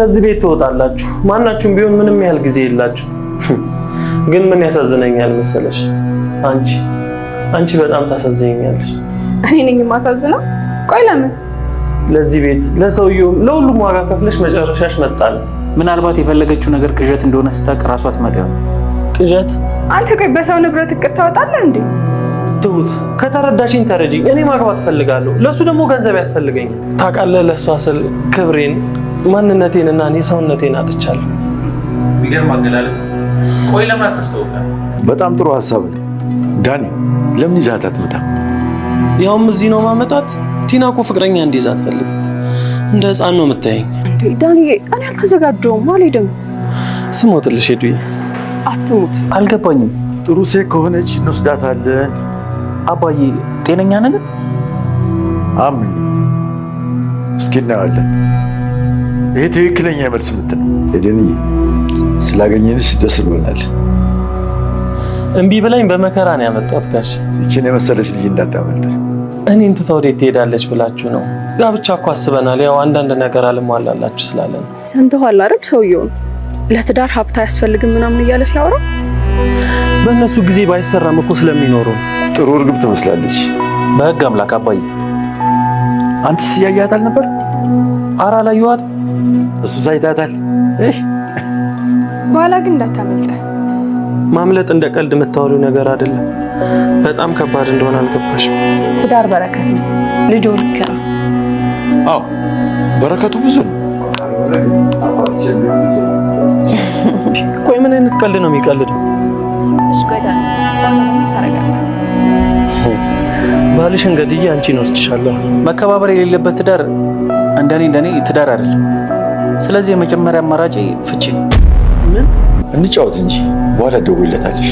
ከዚህ ቤት ትወጣላችሁ። ማናችሁም ቢሆን ምንም ያህል ጊዜ የላችሁ። ግን ምን ያሳዝነኛል መሰለሽ? አንቺ አንቺ በጣም ታሳዝነኛለሽ። እኔ ነኝ የማሳዝነው? ቆይ ለምን? ለዚህ ቤት ለሰውየውም፣ ለሁሉም ዋጋ ከፍለሽ መጨረሻሽ መጣል። ምናልባት የፈለገችው ነገር ቅዠት እንደሆነ ስታቅ ራሷ ትመጣ ይሆን? ቅዠት? አንተ ቆይ በሰው ንብረት እቅድ ታወጣለህ እንዴ? ትሁት ከተረዳሽኝ ተረጂኝ። እኔ ማግባት እፈልጋለሁ። ለሱ ደግሞ ገንዘብ ያስፈልገኛል። ታውቃለህ፣ ለእሷ ስል ክብሬን ማንነቴንና እኔ ሰውነቴን አጥቻለሁ። የሚገርም አገላለጽ። ቆይ ለምን አታስተውቃል? በጣም ጥሩ ሀሳብ ነው ዳኒ። ለምን ይዛት አትመጣ? ያውም እዚህ ነው ማመጣት። ቲና እኮ ፍቅረኛ እንዲይዝ አትፈልግም። እንደ ህፃን ነው የምታየኝ። ዳኒ እኔ አልተዘጋጀውም፣ አልሄድም። ስሞትልሽ ሄዱ። አትሙት። አልገባኝም። ጥሩ ሴት ከሆነች እንወስዳታለን። አባዬ ጤነኛ ነገር አምኝ እስኪ እናያለን። ይሄ ትክክለኛ የመልስ ምት ነው። ኤደንዬ ስላገኘንሽ ደስ ብሎናል። እምቢ ብላኝ በመከራ ነው ያመጣት ጋሽ። ይችን የመሰለች ልጅ እንዳታመልጥ። እኔን ትታ ወዴት ትሄዳለች ብላችሁ ነው? ጋብቻ እኮ አስበናል። ያው አንዳንድ ነገር አልሟላላችሁ ስላለ ነው። ሰምተዋል አይደል? ሰውየውን ለትዳር ሀብት አያስፈልግም ምናምን እያለ ሲያወራ በእነሱ ጊዜ ባይሰራም እኮ ስለሚኖሩ ጥሩ እርግብ ትመስላለች። በህግ አምላክ አባዬ፣ አንተስ ነበር? አራ ላይ አላየኋትም እሱ ሳይታታል። በኋላ ግን እንዳታመልጠ። ማምለጥ እንደ ቀልድ የምታወሪው ነገር አይደለም። በጣም ከባድ እንደሆነ አልገባሽም። ትዳር በረከት ነው። ልጆ ልክ አዎ በረከቱ ብዙ ነው። ቆይ ምን አይነት ቀልድ ነው የሚቀልደው? ባልሽን ገድዬ አንቺን ወስድሻለሁ። መከባበር የሌለበት ትዳር እንደኔ እንደኔ ትዳር አይደለም። ስለዚህ የመጀመሪያ አማራጭ ፍቺ ምን እንጫወት እንጂ በኋላ ደውይለታለሽ።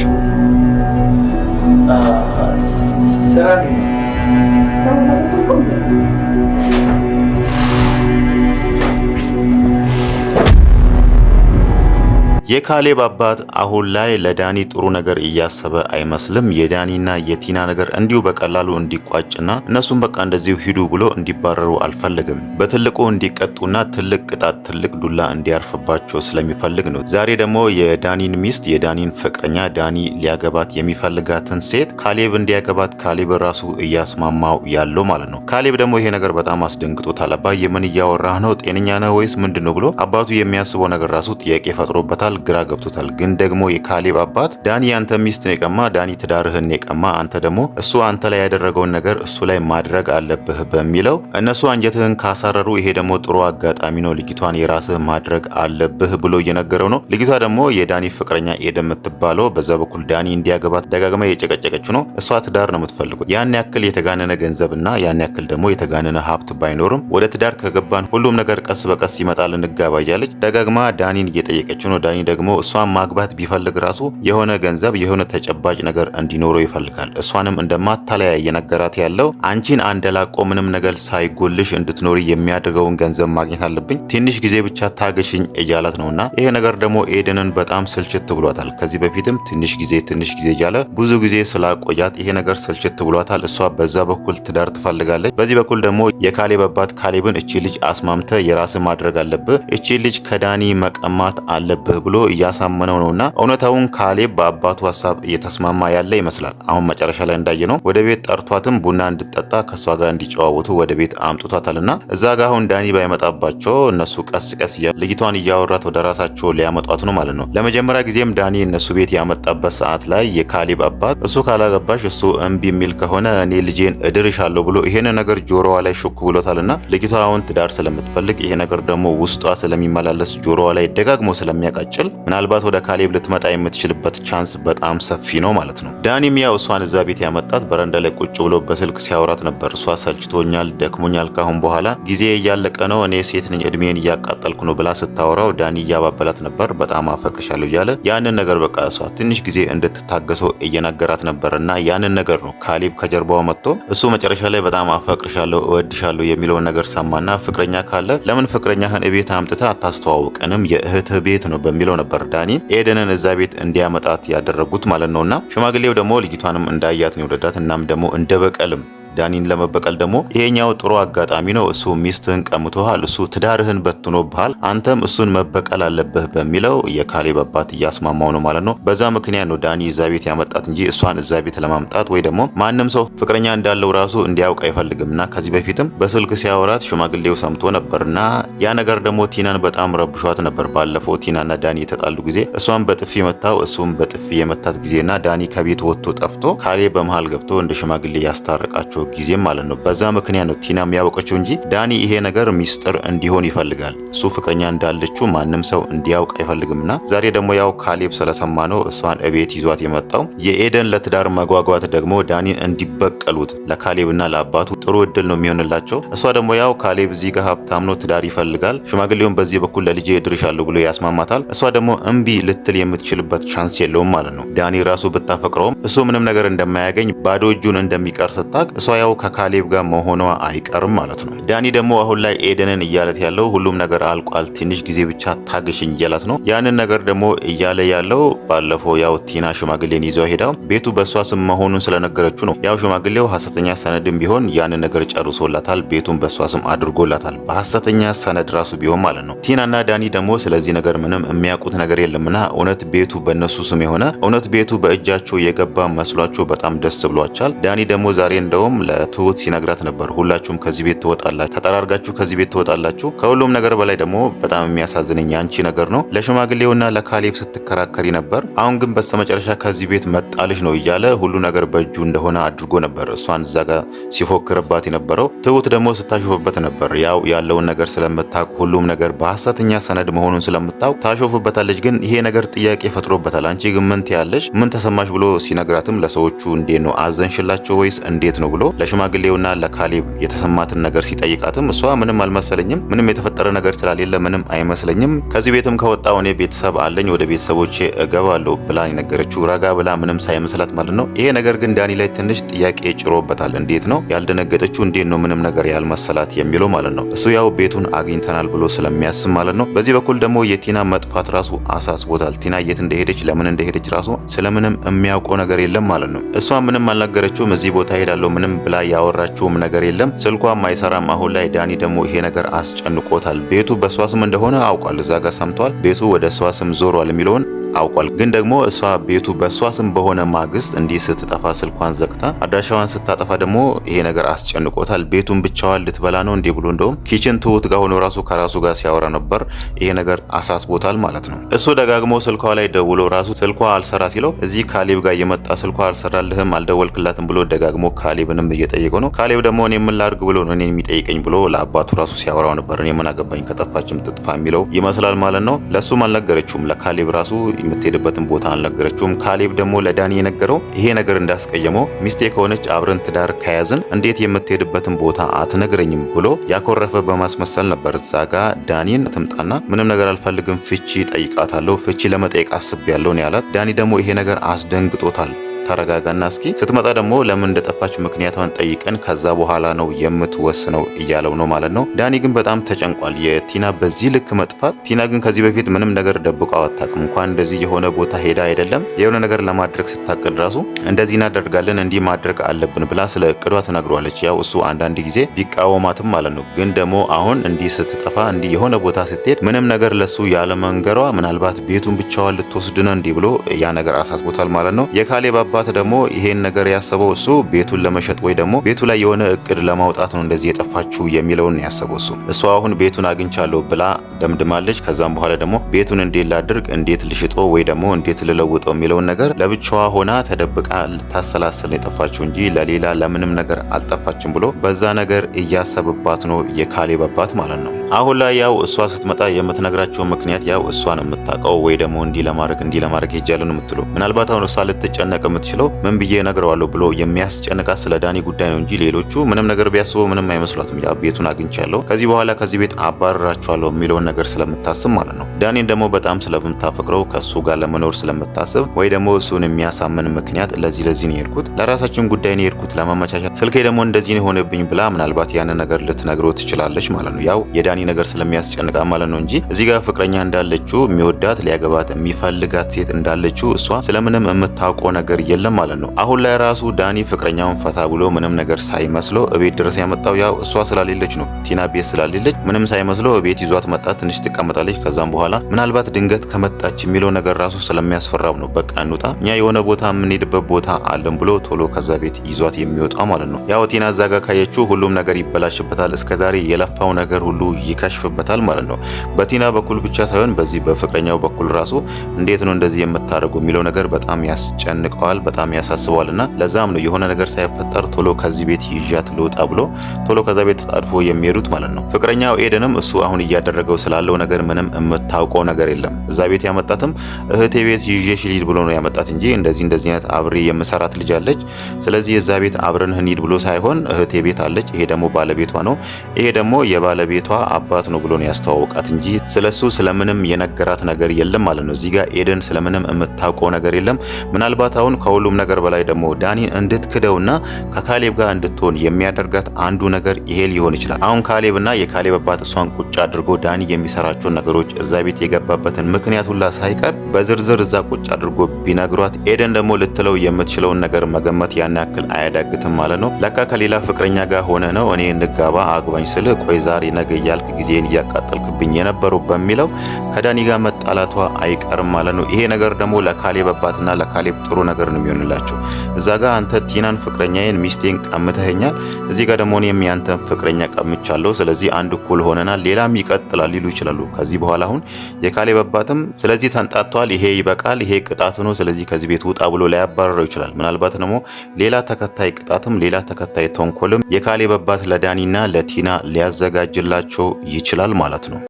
የካሌብ አባት አሁን ላይ ለዳኒ ጥሩ ነገር እያሰበ አይመስልም። የዳኒና የቲና ነገር እንዲሁ በቀላሉ እንዲቋጭና እነሱም በቃ እንደዚሁ ሂዱ ብሎ እንዲባረሩ አልፈልግም። በትልቁ እንዲቀጡና ትልቅ ቅጣት፣ ትልቅ ዱላ እንዲያርፍባቸው ስለሚፈልግ ነው። ዛሬ ደግሞ የዳኒን ሚስት፣ የዳኒን ፍቅረኛ፣ ዳኒ ሊያገባት የሚፈልጋትን ሴት ካሌብ እንዲያገባት ካሌብ ራሱ እያስማማው ያለው ማለት ነው። ካሌብ ደግሞ ይሄ ነገር በጣም አስደንግጦታል። አባዬ ምን እያወራህ ነው? ጤነኛ ነህ ወይስ ምንድን ነው ብሎ አባቱ የሚያስበው ነገር ራሱ ጥያቄ ፈጥሮበታል። ግራ ገብቶታል። ግን ደግሞ የካሌብ አባት ዳኒ አንተ ሚስትን የቀማ ዳኒ ትዳርህን የቀማ አንተ ደግሞ እሱ አንተ ላይ ያደረገውን ነገር እሱ ላይ ማድረግ አለብህ በሚለው እነሱ አንጀትህን ካሳረሩ ይሄ ደግሞ ጥሩ አጋጣሚ ነው፣ ልጅቷን የራስህ ማድረግ አለብህ ብሎ እየነገረው ነው። ልጅቷ ደግሞ የዳኒ ፍቅረኛ ኤድ የምትባለው በዛ በኩል ዳኒ እንዲያገባት ደጋግማ የጨቀጨቀችው ነው። እሷ ትዳር ነው የምትፈልጉት። ያን ያክል የተጋነነ ገንዘብና ያን ያክል ደግሞ የተጋነነ ሀብት ባይኖርም ወደ ትዳር ከገባን ሁሉም ነገር ቀስ በቀስ ይመጣል እንጋባ እያለች ደጋግማ ዳኒን እየጠየቀችው ነው። ዳኒ ደግሞ እሷን ማግባት ቢፈልግ ራሱ የሆነ ገንዘብ የሆነ ተጨባጭ ነገር እንዲኖረው ይፈልጋል። እሷንም እንደማታለያ የነገራት ያለው አንቺን አንደላቆ ምንም ነገር ሳይጎልሽ እንድትኖሪ የሚያደርገውን ገንዘብ ማግኘት አለብኝ፣ ትንሽ ጊዜ ብቻ ታገሽኝ እያላት ነውና ይሄ ነገር ደግሞ ኤደንን በጣም ስልችት ብሏታል። ከዚህ በፊትም ትንሽ ጊዜ ትንሽ ጊዜ እያለ ብዙ ጊዜ ስላቆያት ይሄ ነገር ስልችት ብሏታል። እሷ በዛ በኩል ትዳር ትፈልጋለች፣ በዚህ በኩል ደግሞ የካሌብ አባት ካሌብን እቺ ልጅ አስማምተ የራስ ማድረግ አለብህ፣ እቺ ልጅ ከዳኒ መቀማት አለብህ ብሎ እያሳመነው ነውና እውነታውን ካሌብ በአባቱ ሀሳብ እየተስማማ ያለ ይመስላል። አሁን መጨረሻ ላይ እንዳየ ነው ወደ ቤት ጠርቷትም ቡና እንድጠጣ ከእሷ ጋር እንዲጨዋወቱ ወደ ቤት አምጥቷታልና እዛ ጋ አሁን ዳኒ ባይመጣባቸው እነሱ ቀስ ቀስ ልጅቷን እያወራት ወደ ራሳቸው ሊያመጧት ነው ማለት ነው። ለመጀመሪያ ጊዜም ዳኒ እነሱ ቤት ያመጣበት ሰዓት ላይ የካሌብ አባት እሱ ካላገባሽ እሱ እምቢ የሚል ከሆነ እኔ ልጄን እድርሻለሁ ብሎ ይሄን ነገር ጆሮዋ ላይ ሹክ ብሎታልና ልጅቷ አሁን ትዳር ስለምትፈልግ ይሄ ነገር ደግሞ ውስጧ ስለሚመላለስ ጆሮዋ ላይ ደጋግሞ ስለሚያቃጭል ስትል ምናልባት ወደ ካሌብ ልትመጣ የምትችልበት ቻንስ በጣም ሰፊ ነው ማለት ነው። ዳኒም ያው እሷን እዛ ቤት ያመጣት በረንዳ ላይ ቁጭ ብሎ በስልክ ሲያወራት ነበር። እሷ ሰልችቶኛል፣ ደክሞኛል፣ ካሁን በኋላ ጊዜ እያለቀ ነው፣ እኔ ሴት ነኝ፣ እድሜን እያቃጠልኩ ነው ብላ ስታወራው ዳኒ እያባበላት ነበር። በጣም አፈቅርሻለሁ እያለ ያንን ነገር በቃ እሷ ትንሽ ጊዜ እንድትታገሰው እየነገራት ነበር እና ያንን ነገር ነው ካሌብ ከጀርባው መጥቶ እሱ መጨረሻ ላይ በጣም አፈቅርሻለሁ፣ እወድሻለሁ የሚለውን ነገር ሰማና ፍቅረኛ ካለ ለምን ፍቅረኛህን እቤት አምጥተ አታስተዋውቀንም? የእህትህ ቤት ነው በሚለው ነበር ዳኒ ኤደንን እዛ ቤት እንዲያመጣት ያደረጉት ማለት ነውና ሽማግሌው ደግሞ ልጅቷንም እንዳያት ነው ወደዳት። እናም ደግሞ እንደበቀልም ዳኒን ለመበቀል ደግሞ ይሄኛው ጥሩ አጋጣሚ ነው። እሱ ሚስትህን ቀምቶሃል፣ እሱ ትዳርህን በትኖብሃል፣ አንተም እሱን መበቀል አለብህ በሚለው የካሌብ አባት እያስማማው ነው ማለት ነው። በዛ ምክንያት ነው ዳኒ እዛ ቤት ያመጣት እንጂ እሷን እዛ ቤት ለማምጣት ወይ ደግሞ ማንም ሰው ፍቅረኛ እንዳለው ራሱ እንዲያውቅ አይፈልግም። እና ከዚህ በፊትም በስልክ ሲያወራት ሽማግሌው ሰምቶ ነበርና ያ ነገር ደግሞ ቲናን በጣም ረብሿት ነበር። ባለፈው ቲናና ዳኒ የተጣሉ ጊዜ እሷን በጥፊ መታው፣ እሱም በጥፊ የመታት ጊዜና ዳኒ ከቤት ወጥቶ ጠፍቶ ካሌ በመሃል ገብቶ እንደ ሽማግሌ ያስታርቃቸው ጊዜም ማለት ነው። በዛ ምክንያት ነው ቲና የሚያውቀችው እንጂ ዳኒ ይሄ ነገር ሚስጥር እንዲሆን ይፈልጋል። እሱ ፍቅረኛ እንዳለችው ማንም ሰው እንዲያውቅ አይፈልግምና ዛሬ ደግሞ ያው ካሌብ ስለሰማ ነው እሷን እቤት ይዟት የመጣው። የኤደን ለትዳር መጓጓት ደግሞ ዳኒን እንዲበቀሉት ለካሌብና ለአባቱ ጥሩ እድል ነው የሚሆንላቸው። እሷ ደግሞ ያው ካሌብ እዚህ ጋር ሀብታም ነው፣ ትዳር ይፈልጋል፣ ሽማግሌውን በዚህ በኩል ለልጄ ድርሻለሁ ብሎ ያስማማታል። እሷ ደግሞ እምቢ ልትል የምትችልበት ቻንስ የለውም ማለት ነው። ዳኒ ራሱ ብታፈቅረውም እሱ ምንም ነገር እንደማያገኝ ባዶ እጁን እንደሚቀር ስታቅ ያው ከካሌብ ጋር መሆኗ አይቀርም ማለት ነው። ዳኒ ደግሞ አሁን ላይ ኤደንን እያለት ያለው ሁሉም ነገር አልቋል፣ ትንሽ ጊዜ ብቻ ታገሽኝ እያላት ነው። ያንን ነገር ደግሞ እያለ ያለው ባለፈው ያው ቲና ሽማግሌን ይዞ ሄዳ ቤቱ በእሷ ስም መሆኑን ስለነገረችው ነው። ያው ሽማግሌው ሀሰተኛ ሰነድም ቢሆን ያንን ነገር ጨርሶላታል፣ ቤቱን በእሷ ስም አድርጎላታል። በሀሰተኛ ሰነድ ራሱ ቢሆን ማለት ነው። ቲናና ዳኒ ደግሞ ስለዚህ ነገር ምንም የሚያውቁት ነገር የለምና እውነት ቤቱ በእነሱ ስም የሆነ እውነት ቤቱ በእጃቸው የገባ መስሏቸው በጣም ደስ ብሏቸዋል። ዳኒ ደግሞ ዛሬ እንደውም ሁሉም ለትሁት ሲነግራት ነበር። ሁላችሁም ከዚህ ቤት ትወጣላችሁ፣ ተጠራርጋችሁ ከዚህ ቤት ትወጣላችሁ። ከሁሉም ነገር በላይ ደግሞ በጣም የሚያሳዝንኝ አንቺ ነገር ነው። ለሽማግሌውና ለካሌብ ስትከራከሪ ነበር። አሁን ግን በስተመጨረሻ ከዚህ ቤት መጣልሽ ነው እያለ ሁሉ ነገር በእጁ እንደሆነ አድርጎ ነበር እሷን እዛ ጋ ሲፎክርባት የነበረው። ትሁት ደግሞ ስታሾፍበት ነበር። ያው ያለውን ነገር ስለምታውቅ ሁሉም ነገር በሀሰተኛ ሰነድ መሆኑን ስለምታውቅ ታሾፍበታለች። ግን ይሄ ነገር ጥያቄ ፈጥሮበታል። አንቺ ግን ምን ትያለሽ? ምን ተሰማሽ ብሎ ሲነግራትም ለሰዎቹ እንዴት ነው አዘንሽላቸው ወይስ እንዴት ነው ብሎ ለሽማግሌውና ለካሌብ የተሰማትን ነገር ሲጠይቃትም እሷ ምንም አልመሰለኝም፣ ምንም የተፈጠረ ነገር ስላሌለ ምንም አይመስለኝም፣ ከዚህ ቤትም ከወጣው እኔ ቤተሰብ አለኝ፣ ወደ ቤተሰቦቼ እገባለሁ ብላን የነገረችው ረጋ ብላ ምንም ሳይመስላት ማለት ነው። ይሄ ነገር ግን ዳኒ ላይ ትንሽ ጥያቄ ጭሮበታል። እንዴት ነው ያልደነገጠችው? እንዴት ነው ምንም ነገር ያልመሰላት የሚለው ማለት ነው። እሱ ያው ቤቱን አግኝተናል ብሎ ስለሚያስብ ማለት ነው። በዚህ በኩል ደግሞ የቲና መጥፋት ራሱ አሳስቦታል። ቲና የት እንደሄደች ለምን እንደሄደች ራሱ ስለምንም የሚያውቀው ነገር የለም ማለት ነው። እሷ ምንም አልነገረችውም። እዚህ ቦታ ሄዳለሁ ምንም ብላ ያወራችውም ነገር የለም። ስልኳም አይሰራም። አሁን ላይ ዳኒ ደግሞ ይሄ ነገር አስጨንቆታል። ቤቱ በሷ ስም እንደሆነ አውቋል። እዛ ጋር ሰምቷል። ቤቱ ወደ ሷ ስም ዞሯል የሚለውን አውቋል። ግን ደግሞ እሷ ቤቱ በእሷ ስም በሆነ ማግስት እንዲህ ስትጠፋ ስልኳን ዘግታ አድራሻዋን ስታጠፋ ደግሞ ይሄ ነገር አስጨንቆታል። ቤቱን ብቻዋን ልትበላ ነው እንዲህ ብሎ እንደውም ኪችን ትሁት ጋር ሆኖ ራሱ ከራሱ ጋር ሲያወራ ነበር። ይሄ ነገር አሳስቦታል ማለት ነው። እሱ ደጋግሞ ስልኳ ላይ ደውሎ ራሱ ስልኳ አልሰራ ሲለው እዚህ ካሌብ ጋር የመጣ ስልኳ አልሰራልህም አልደወልክላትም ብሎ ደጋግሞ ካሌብንም እየጠየቀው ነው። ካሌብ ደግሞ እኔ ምን ላድርግ ብሎ ነው እኔ የሚጠይቀኝ ብሎ ለአባቱ ራሱ ሲያወራው ነበር። እኔ ምን አገባኝ ከጠፋችም ትጥፋ የሚለው ይመስላል ማለት ነው። ለእሱም አልነገረችውም ለካሌብ ራሱ የምትሄድበትን ቦታ አልነገረችውም። ካሌብ ደግሞ ለዳኒ የነገረው ይሄ ነገር እንዳስቀየመው ሚስቴ ከሆነች አብረን ትዳር ከያዝን እንዴት የምትሄድበትን ቦታ አትነግረኝም ብሎ ያኮረፈ በማስመሰል ነበር። እዛ ጋ ዳኒን ትምጣና ምንም ነገር አልፈልግም፣ ፍቺ ጠይቃታለሁ፣ ፍቺ ለመጠየቅ አስቤያለሁ ነው ያላት። ዳኒ ደግሞ ይሄ ነገር አስደንግጦታል። ተረጋጋና እስኪ ስትመጣ ደግሞ ለምን እንደጠፋች ምክንያቷን ጠይቀን ከዛ በኋላ ነው የምትወስነው እያለው ነው ማለት ነው። ዳኒ ግን በጣም ተጨንቋል የቲና በዚህ ልክ መጥፋት። ቲና ግን ከዚህ በፊት ምንም ነገር ደብቀው አታውቅም። እንኳን እንደዚህ የሆነ ቦታ ሄዳ አይደለም የሆነ ነገር ለማድረግ ስታቅድ ራሱ እንደዚህ እናደርጋለን እንዲህ ማድረግ አለብን ብላ ስለ እቅዷ ትነግሯለች። ያው እሱ አንዳንድ ጊዜ ቢቃወማትም ማለት ነው። ግን ደግሞ አሁን እንዲህ ስትጠፋ እንዲህ የሆነ ቦታ ስትሄድ ምንም ነገር ለሱ ያለመንገሯ ምናልባት ቤቱን ብቻዋን ልትወስድነ እንዲህ ብሎ ያ ነገር አሳስቦታል ማለት ነው የካሌ ባባ ምናልባት ደግሞ ይሄን ነገር ያሰበው እሱ ቤቱን ለመሸጥ ወይ ደግሞ ቤቱ ላይ የሆነ እቅድ ለማውጣት ነው እንደዚህ የጠፋችሁ የሚለውን ያሰበው እሱ እሷ አሁን ቤቱን አግኝቻለሁ ብላ ደምድማለች። ከዛም በኋላ ደግሞ ቤቱን እንዴት ላድርግ፣ እንዴት ልሽጦ ወይ ደግሞ እንዴት ልለውጠው የሚለውን ነገር ለብቻዋ ሆና ተደብቃ ልታሰላስል ነው የጠፋችሁ እንጂ ለሌላ ለምንም ነገር አልጠፋችም ብሎ በዛ ነገር እያሰብባት ነው የካሌብ አባት ማለት ነው። አሁን ላይ ያው እሷ ስትመጣ የምትነግራቸው ምክንያት ያው እሷን የምታውቀው፣ ወይ ደግሞ እንዲህ ለማድረግ እንዲህ ለማድረግ ሄጃለሁ ነው ምናልባት አሁን እሷ ልትጨነቅ የምትችለው ምን ብዬ እነግረዋለሁ ብሎ የሚያስጨንቃት ስለ ዳኒ ጉዳይ ነው እንጂ ሌሎቹ ምንም ነገር ቢያስቡ ምንም አይመስሏትም። ያ ቤቱን አግኝቻለሁ፣ ከዚህ በኋላ ከዚህ ቤት አባረራቸዋለሁ የሚለውን ነገር ስለምታስብ ማለት ነው። ዳኒን ደግሞ በጣም ስለምታፈቅረው ከእሱ ጋር ለመኖር ስለምታስብ ወይ ደግሞ እሱን የሚያሳምን ምክንያት ለዚህ ለዚህ ነው የሄድኩት ለራሳችን ጉዳይ ነው የሄድኩት ለማመቻቸት፣ ስልኬ ደግሞ እንደዚህ ነው የሆነብኝ ብላ ምናልባት ያንን ነገር ልትነግረው ትችላለች ማለት ነው ያው የዳኒ ተቃራኒ ነገር ስለሚያስጨንቃ ማለት ነው እንጂ እዚህ ጋር ፍቅረኛ እንዳለችው የሚወዳት ሊያገባት የሚፈልጋት ሴት እንዳለችው እሷ ስለምንም የምታውቀው ነገር የለም ማለት ነው። አሁን ላይ ራሱ ዳኒ ፍቅረኛውን ፈታ ብሎ ምንም ነገር ሳይመስለው እቤት ድረስ ያመጣው ያው እሷ ስላሌለች ነው። ቲና ቤት ስላሌለች ምንም ሳይመስለው እቤት ይዟት መጣ። ትንሽ ትቀመጣለች። ከዛም በኋላ ምናልባት ድንገት ከመጣች የሚለው ነገር ራሱ ስለሚያስፈራው ነው። በቃ እንውጣ፣ እኛ የሆነ ቦታ የምንሄድበት ቦታ አለን ብሎ ቶሎ ከዛ ቤት ይዟት የሚወጣ ማለት ነው። ያው ቲና እዛ ጋር ካየችው ሁሉም ነገር ይበላሽበታል። እስከዛሬ የለፋው ነገር ሁሉ ይከሽፍበታል ማለት ነው። በቲና በኩል ብቻ ሳይሆን በዚህ በፍቅረኛው በኩል ራሱ እንዴት ነው እንደዚህ የምታደርጉ የሚለው ነገር በጣም ያስጨንቀዋል፣ በጣም ያሳስበዋል። እና ለዛም ነው የሆነ ነገር ሳይፈጠር ቶሎ ከዚህ ቤት ይዣት ልውጣ ብሎ ቶሎ ከዛ ቤት ተጣድፎ የሚሄዱት ማለት ነው። ፍቅረኛው ኤደንም እሱ አሁን እያደረገው ስላለው ነገር ምንም የምታውቀው ነገር የለም። እዛ ቤት ያመጣትም እህቴ ቤት ይዤሽ ልሂድ ብሎ ነው ያመጣት እንጂ እንደዚህ እንደዚህ አይነት አብሬ የምሰራት ልጅ አለች፣ ስለዚህ እዛ ቤት አብረን እንሂድ ብሎ ሳይሆን እህቴ ቤት አለች። ይሄ ደግሞ ባለቤቷ ነው። ይሄ ደግሞ የባለቤቷ አባት ነው ብሎ ያስተዋወቃት እንጂ ስለሱ ስለምንም የነገራት ነገር የለም ማለት ነው። እዚህ ጋር ኤደን ስለምንም የምታውቀው ነገር የለም። ምናልባት አሁን ከሁሉም ነገር በላይ ደግሞ ዳኒን እንድትክደውና ከካሌብ ጋር እንድትሆን የሚያደርጋት አንዱ ነገር ይሄ ሊሆን ይችላል። አሁን ካሌብና የካሌብ አባት እሷን ቁጭ አድርጎ ዳኒ የሚሰራቸውን ነገሮች እዛ ቤት የገባበትን ምክንያት ሁላ ሳይቀር በዝርዝር እዛ ቁጭ አድርጎ ቢነግሯት ኤደን ደግሞ ልትለው የምትችለውን ነገር መገመት ያን ያክል አያዳግትም ማለት ነው። ለካ ከሌላ ፍቅረኛ ጋር ሆነ ነው እኔ እንጋባ አግባኝ ስል ቆይ ዛሬ ነገ እያልክ ጊዜን እያቃጠልክብኝ የነበረው በሚለው ከዳኒ ጋር መጣላቷ አይቀርም ማለት ነው። ይሄ ነገር ደግሞ ለካሌብ አባትና ለካሌብ ጥሩ ነገር ነው የሚሆንላቸው። እዛ ጋር አንተ ቲናን ፍቅረኛዬን ሚስቴን ቀምተኸኛል፣ እዚህ ጋር ደግሞ እኔም ያንተን ፍቅረኛ ቀምቻለሁ፣ ስለዚህ አንድ እኩል ሆነናል፣ ሌላም ይቀጥላል ሊሉ ይችላሉ። ከዚህ በኋላ አሁን የካሌብ አባትም ስለዚህ ተንጣጥቷል፣ ይሄ ይበቃል፣ ይሄ ቅጣት ነው፣ ስለዚህ ከዚህ ቤት ውጣ ብሎ ሊያባረረው ይችላል። ምናልባት ደግሞ ሌላ ተከታይ ቅጣትም ሌላ ተከታይ ተንኮልም የካሌብ አባት ለዳኒና ለቲና ሊያዘጋጅላቸው ይችላል ማለት ነው።